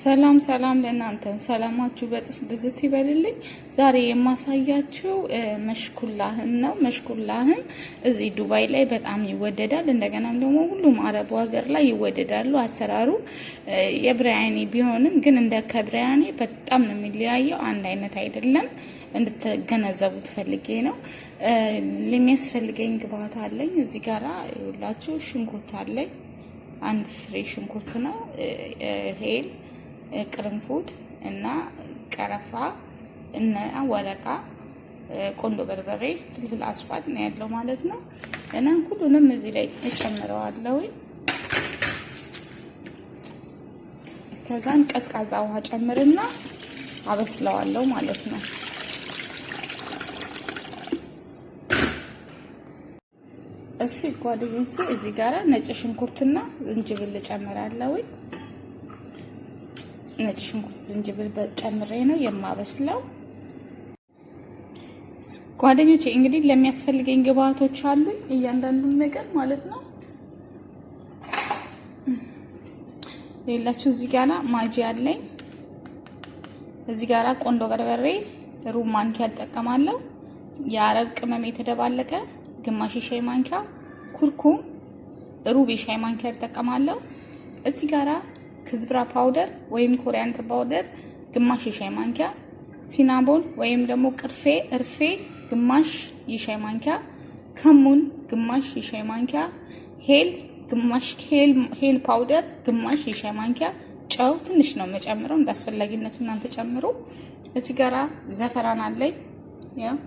ሰላም ሰላም ለእናንተ ሰላማችሁ በጥፍ ብዝት ይበልልኝ። ዛሬ የማሳያችሁ መሽኩላህን ነው። መሽኩላህም እዚህ ዱባይ ላይ በጣም ይወደዳል። እንደገናም ደግሞ ሁሉም አረቡ ሀገር ላይ ይወደዳሉ። አሰራሩ የብሪያኒ ቢሆንም ግን እንደ ከብሪያኒ በጣም ነው የሚለያየው። አንድ አይነት አይደለም። እንድትገነዘቡ ትፈልጌ ነው። የሚያስፈልገኝ ግብአት አለኝ። እዚህ ጋራ ይኸውላችሁ ሽንኩርት አለኝ። አንድ ፍሬ ሽንኩርት ነው ሄል ቅርንፉድ እና ቀረፋ እና ወረቃ ቆንዶ በርበሬ ፍልፍል አስፋልት ነው ያለው ማለት ነው። እና ሁሉንም እዚህ ላይ እጨምረዋለሁ። ከዛን ቀዝቃዛ ውሃ ጨምርና አበስለዋለሁ ማለት ነው። እሺ ጓደኞቼ፣ እዚህ ጋራ ነጭ ሽንኩርትና ዝንጅብል ጨምራለሁ። ነጭ ሽንኩርት፣ ዝንጅብል ጨምሬ ነው የማበስለው። ጓደኞቼ እንግዲህ ለሚያስፈልገኝ ግብአቶች አሉኝ እያንዳንዱን ነገር ማለት ነው። ሌላችሁ እዚህ ጋራ ማጂ አለኝ። እዚህ ጋራ ቆንዶ በርበሬ ሩብ ማንኪያ እጠቀማለሁ። የአረብ ቅመም የተደባለቀ ግማሽ የሻይ ማንኪያ፣ ኩርኩም ሩብ የሻይ ማንኪያ እጠቀማለሁ። እዚህ ጋራ ክዝብራ ፓውደር ወይም ኮሪያንደር ፓውደር ግማሽ የሻይ ማንኪያ፣ ሲናቦን ወይም ደግሞ ቅርፌ እርፌ ግማሽ የሻይ ማንኪያ፣ ከሙን ግማሽ የሻይ ማንኪያ፣ ሄል ግማሽ ሄል ፓውደር ግማሽ የሻይ ማንኪያ፣ ጨው ትንሽ ነው መጨምረው እንደ አስፈላጊነቱ እናንተ ጨምሩ። እዚህ ጋራ ዘፈራን አለኝ ያው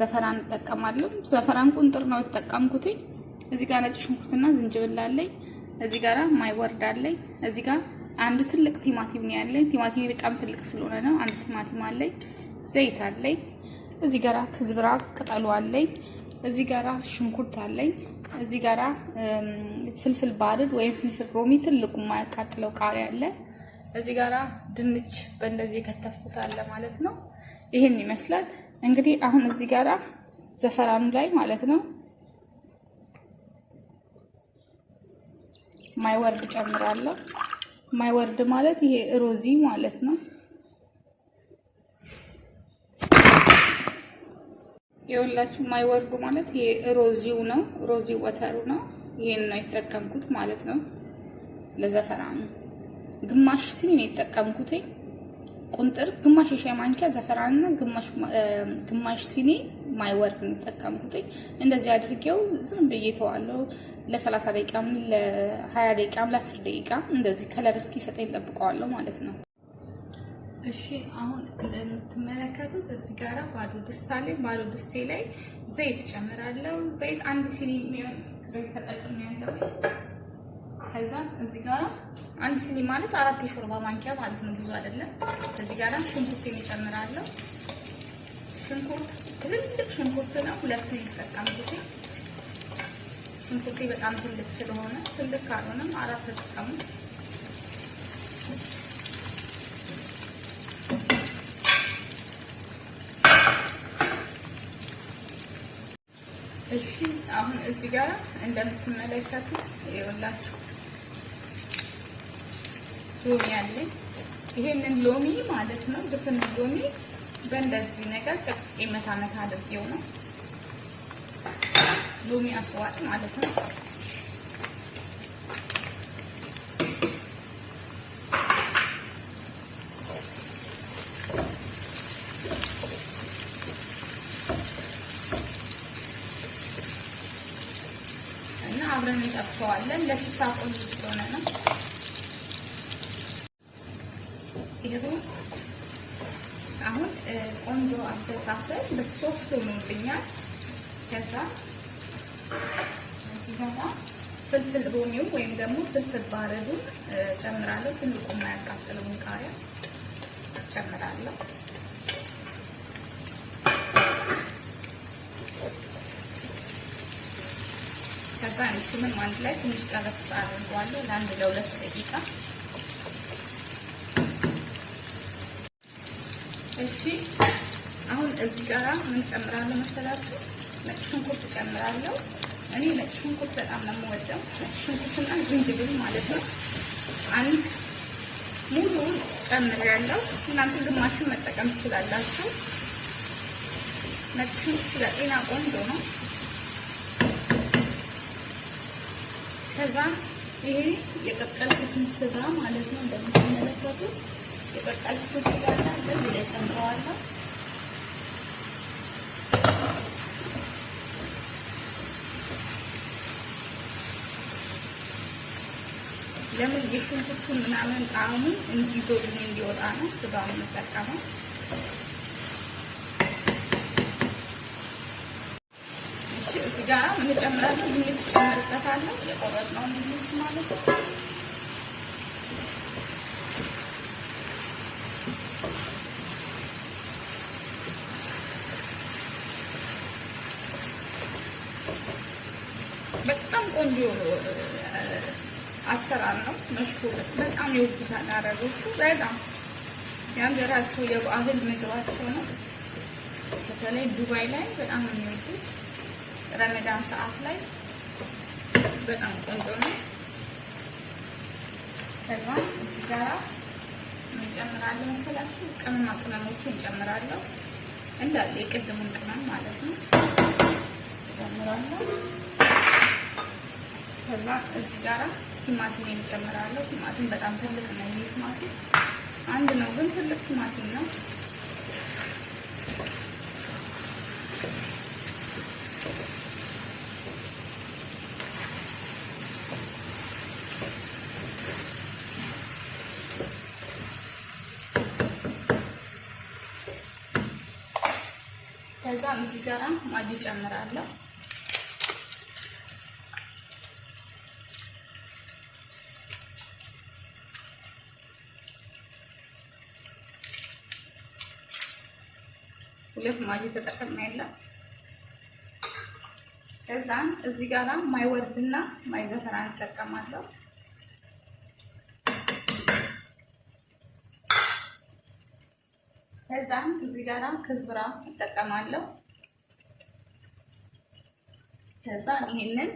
ዘፈራን እጠቀማለሁ። ዘፈራን ቁንጥር ነው የተጠቀምኩትኝ። እዚህ ጋር ነጭ ሽንኩርትና ዝንጅብል አለኝ። እዚህ ጋር ማይ ወርድ አለኝ። እዚህ ጋር አንድ ትልቅ ቲማቲም ነው ያለኝ። ቲማቲም በጣም ትልቅ ስለሆነ ነው። አንድ ቲማቲም አለኝ። ዘይት አለኝ። እዚህ ጋራ ክዝብራ ቅጠሉ አለኝ። እዚህ ጋራ ሽንኩርት አለኝ። እዚህ ጋራ ፍልፍል ባርድ ወይም ፍልፍል ሮሚ ትልቁ የማያቃጥለው ቃሪያ አለ። እዚህ ጋራ ድንች በእንደዚህ የከተፍኩት አለ ማለት ነው። ይህን ይመስላል እንግዲህ አሁን እዚህ ጋራ ዘፈራኑ ላይ ማለት ነው ማይወርድ ጨምራለሁ። ማይወርድ ማለት ይሄ ሮዚ ማለት ነው። የሁላችሁ ማይወርዱ ማለት ይሄ ሮዚው ነው። ሮዚ ወተሩ ነው። ይሄን ነው የተጠቀምኩት ማለት ነው። ለዘፈራኑ ግማሽ ሲኒ ነው የተጠቀምኩት ቁንጥር ግማሽ የሻይ ማንኪያ ዘፈራንና ግማሽ ግማሽ ሲኒ ማይ ወርክ እንጠቀምኩትኝ እንደዚህ አድርጌው ዝም ብዬ ተዋለው ለሰላሳ ደቂቃም ለሀያ ደቂቃም ለአስር ደቂቃ እንደዚህ ከለር እስኪሰጠኝ ጠብቀዋለሁ ማለት ነው። እሺ አሁን እንደምትመለከቱት እዚህ ጋር ባዶ ድስት ላይ ባዶ ድስቴ ላይ ዘይት ጨምራለሁ። ዘይት አንድ ሲኒ የሚሆን ዘይት ተጠቅም ያለው ከዛ እዚህ ጋር አንድ ሲኒ ማለት አራት የሾርባ ማንኪያ ማለት ነው። ብዙ አይደለም። እዚህ ጋር ሽንኩርቴን እጨምራለሁ። ሽንኩርት ትልልቅ ሽንኩርት ነው። ሁለት የተጠቀምኩት ሽንኩርቴ በጣም ትልቅ ስለሆነ ትልቅ ካልሆነም አራት ተጠቀሙ። እሺ አሁን እዚህ ጋር እንደምትመለከቱት ይኸውላችሁ ሎሚ አለኝ። ይሄንን ሎሚ ማለት ነው ድፍን ሎሚ በእንደዚህ ነገር ጨቅጭቄ መታ መታ አድርጌው ነው ሎሚ አስዋጥ ማለት ነው። እና አብረን እንጠብሰዋለን። ለፊት ታቆዩ ስለሆነ ነው። ሲታሰል በሶፍት ሆኖልኛል። ከዛ እዚህ ደግሞ ፍልፍል ሮሚው ወይም ደግሞ ፍልፍል ባረዱ ጨምራለሁ። ትልቁ የማያቃጥለውን ቃሪያ ጨምራለሁ። ከዛ እሱንም አንድ ላይ ትንሽ ጠበስ አድርጓለሁ ለአንድ ለሁለት ደቂቃ። እሺ አሁን እዚህ ጋራ ምን ጨምራለሁ መሰላችሁ? ነጭ ሽንኩርት ጨምራለሁ። እኔ ነጭ ሽንኩርት በጣም ነው የምወደው። ነጭ ሽንኩርትና ዝንጅብል ማለት ነው። አንድ ሙሉ ጨምሬያለሁ። እናንተ ግማሹን መጠቀም ትችላላችሁ። ነጭ ሽንኩርት ለጤና ቆንጆ ነው። ከዛ ይሄ የቀቀልኩትን ስጋ ማለት ነው። እንደምትመለከቱት የቀቀልኩትን ስጋ እንደዚህ ላይ ጨምረዋለሁ። የሽንኩርቱ ምናምን ጣዕሙን እንዲዞልኝ እንዲወጣ ነው ስጋውን የምጠቀመው። እዚህ ጋር ምን እጨምራለሁ? ድንች እጨምርበታለሁ። የቆረጥነውን ድንች ማለት ነው። በጣም ቆንጆ አሰራር ነው። መሽሁር በጣም ይወዱታል አረቦቹ። በጣም የሀገራቸው የባህል ምግባቸው ነው። በተለይ ዱባይ ላይ በጣም ነው የሚወዱት። ረመዳን ሰዓት ላይ በጣም ቆንጆ ነው። ከዛ እዚህ ጋራ ምን መሰላችሁ? ቅመማ ቅመሞችን እጨምራለሁ። እንዳለ የቅድሙን ቅመም ማለት ነው እጨምራለሁ። ከዛ እዚህ ጋራ ቲማቲም የሚጨምራለሁ። ቲማቲም በጣም ትልቅ ነው። ይሄ ቲማቲም አንድ ነው፣ ግን ትልቅ ቲማቲም ነው። ከዛም እዚህ ጋራ ማጅ ጨምራለሁ። ማጂ ተጠቅም ያለን ከዛን እዚህ ጋር ማይወርድና ማይዘፈራ እንጠቀማለሁ። ከዛም እዚህ ጋር ክዝብራ እጠቀማለሁ። ከዛ ይሄንን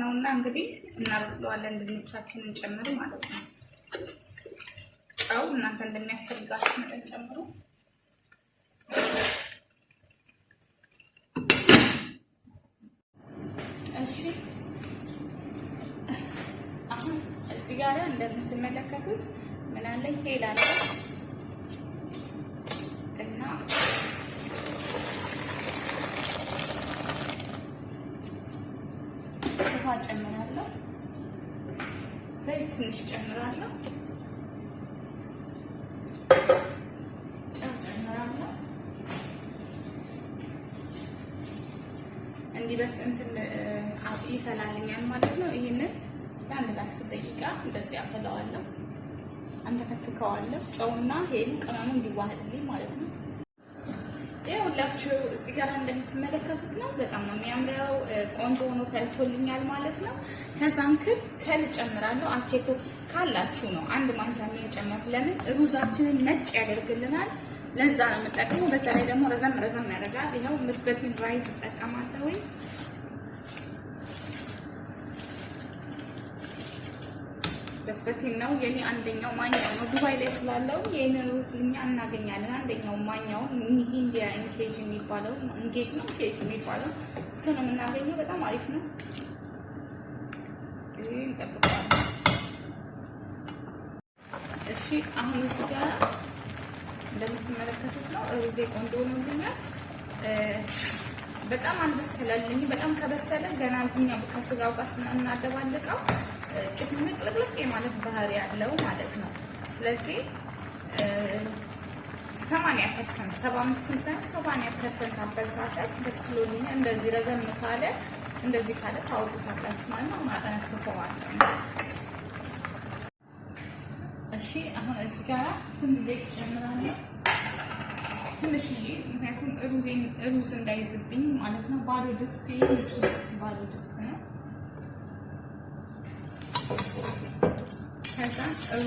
ነውና እንግዲህ እናበስለዋለን። ድንቻችንን ጨምሩ ማለት ነው። ጨው እናንተ እንደሚያስፈልጋችሁ መጠን ጨምሩ። እሺ አሁን እዚህ ጋር እንደምትመለከቱት ምን አለኝ ሄል እና ውሃ ጨምራለሁ። ዘይት ትንሽ ጨምራለሁ። ይበስ እንትን ይፈላልኛል ማለት ነው። ይህንን ለአንድ ለአስር ደቂቃ እንደዚህ አፈላዋለሁ፣ አንተከትከዋለሁ። ጨውና ሄሉ ቅመሙ እንዲዋህልልኝ ማለት ነው። ሁላችሁ እዚህ ጋር እንደምትመለከቱት ነው። በጣም ነው የሚያምረው። ቆንጆ ሆኖ ፈልቶልኛል ማለት ነው። ከዛም ክል ከል ጨምራለሁ። አቼቶ ካላችሁ ነው አንድ ማንኪያ የሚጨመር። ለምን ሩዛችንን ነጭ ያደርግልናል። ለዛ ነው የምጠቀመው። በዛ ላይ ደግሞ ረዘም ረዘም ያደርጋል። ይኸው ምስበትን ራይዝ እጠቀማለሁ ወይ ደስበቴን ነው የኔ አንደኛው ማኛው ነው። ዱባይ ላይ ስላለው ይህንን ሩዝ እኛ እናገኛለን። አንደኛው ማኛው ኢንዲያ ኢንኬጅ የሚባለው ኢንኬጅ ነው ኬጅ የሚባለው እሱ ነው የምናገኘው። በጣም አሪፍ ነው። እሺ አሁን እዚህ ጋር እንደምትመለከቱት ነው ሩዜ ቆንጆ ሆኖልኛል። በጣም አልበሰለልኝ። በጣም ከበሰለ ገና እዚህኛው ከስጋው ጋር ስናደባልቀው ጭፍንቅልቅልቅ የማለት ባህሪ ያለው ማለት ነው። ስለዚህ ሰማንያ ፐርሰንት ሰባ ሳይሆን ሰማንያ ፐርሰንት አበሳሰል በስሎልኛ እንደዚህ ረዘም ካለ እንደዚህ ካለ ታወቁታላችሁ ማለት ነው። ማጠነክፈዋል። እሺ አሁን እዚህ ጋር ትንሽ ዘይት ጨምራለሁ። ትንሽዬ ምክንያቱም ሩዝ እንዳይዝብኝ ማለት ነው። ባዶ ድስት ንጹህ ድስት ባዶ ድስት ነው።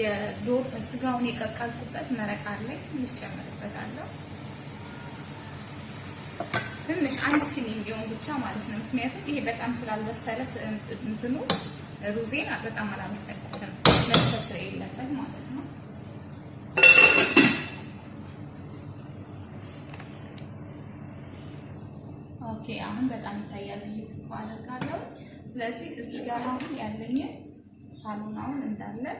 የዶር ስጋውን የቀቀልኩበት መረቅ አለኝ ትንሽ ጨምርበታለሁ። ትንሽ አንድ ሲኒ እንዲሆን ብቻ ማለት ነው። ምክንያቱም ይሄ በጣም ስላልበሰለ እንትኑ ሩዜን በጣም አላበሰልኩትም፣ መብሰል ስለሌለበት ማለት ነው። ኦኬ አሁን በጣም ይታያል ብዬ ተስፋ አደርጋለሁ። ስለዚህ እዚህ ጋር አሁን ያለኝን ሳሎናውን እንዳለን።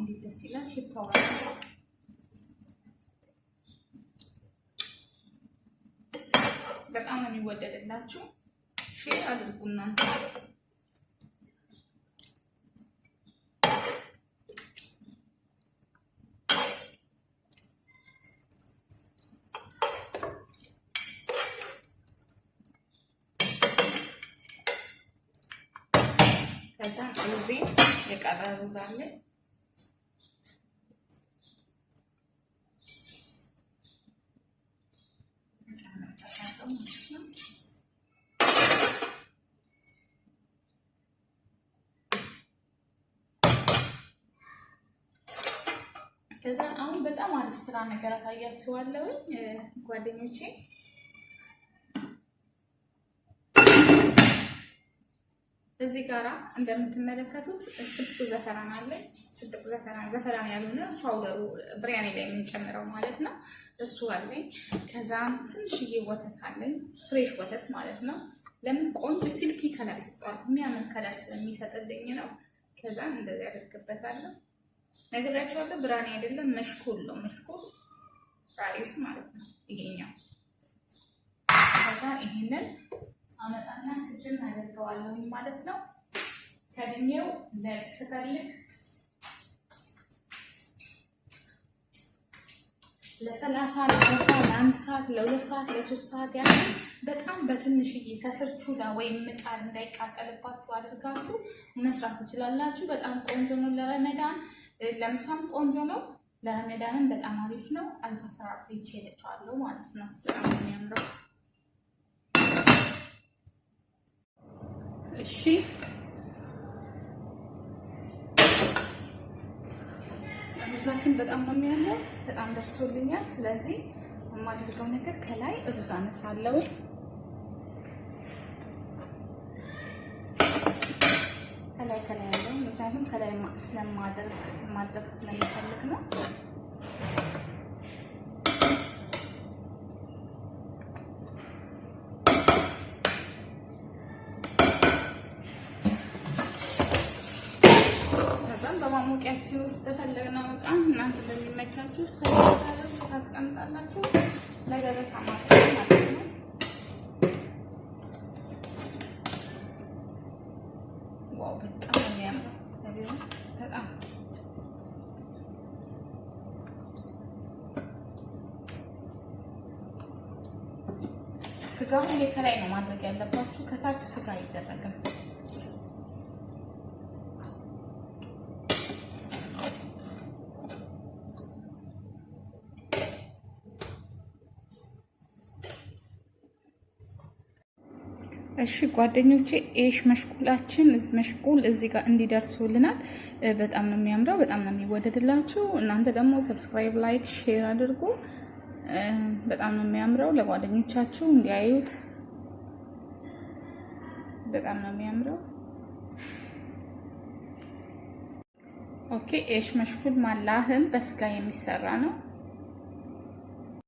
እንዴት ደስ ይላል ሽታው በጣም ነው የሚወደድላችሁ። ሼር አድርጉ እናንተ ከዛ ሩዜ የቀረ ሩዝ አለ ከዛ አሁን በጣም አሪፍ ስራ ነገር አሳያችኋለሁ ጓደኞቼ። እዚህ ጋራ እንደምትመለከቱት ስልክ ዘፈራን አለ። ስልክ ዘፈራን ዘፈራን ያልሆነ ፓውደሩ ብሪያኒ ላይ የምንጨምረው ማለት ነው። እሱ አለኝ። ከዛም ትንሽዬ ወተት አለኝ፣ ፍሬሽ ወተት ማለት ነው። ለምን ቆንጆ ሲልኪ ከለር ይሰጠዋል። የሚያምን ከለር ስለሚሰጥልኝ ነው። ከዛ እንደዚህ አደርግበታለሁ። ነግራቸዋለሁ። ብራኒ አይደለም መሽኮል ነው። መሽኮል ራይስ ማለት ነው ይሄኛው። ከዛ ይሄንን አመጣና ክድን አደርገዋለሁ ማለት ነው። ከድሜው ስፈልግ ለሰላሳ ለአርባ ለአንድ ሰዓት ለሁለት ሰዓት ለሶስት ሰዓት ያህል በጣም በትንሽዬ ከስር ቹላ ወይም ምጣድ እንዳይቃጠልባችሁ አድርጋችሁ መስራት ትችላላችሁ። በጣም ቆንጆ ነው ለረመዳን ለምሳም ቆንጆ ነው። ለረመዳንም በጣም አሪፍ ነው። አልፋ አሰራርቶ ይችላቸዋለሁ ማለት ነው። በጣም የሚያምረው እሺ ሩዛችን በጣም ነው የሚያምረው። በጣም ደርሶልኛል። ስለዚህ የማደርገው ነገር ከላይ ሩዝ አለው። ከላይ ከላይ ያለው ምክንያቱም ከላይ ስለማድረግ ማድረግ ስለሚፈልግ ነው። ከዛም በማሞቂያችን ውስጥ በፈለግነው እቃ እናንተ በሚመቻችሁ ውስጥ ታስቀምጣላችሁ ለገበታ ማለት በጣም ነው የሚያምረው። በጣም ስጋውን ከላይ ነው ማድረግ ያለባችሁ፣ ከታች ስጋ አይደረግም። እሺ ጓደኞቼ ኤሽ መሽቁላችን መሽቁል እዚህ ጋር እንዲደርሱልናል። በጣም ነው የሚያምረው፣ በጣም ነው የሚወደድላችሁ። እናንተ ደግሞ ሰብስክራይብ፣ ላይክ፣ ሼር አድርጉ። በጣም ነው የሚያምረው፣ ለጓደኞቻችሁ እንዲያዩት። በጣም ነው የሚያምረው። ኦኬ ኤሽ መሽኩል ማላህም በስጋ የሚሰራ ነው።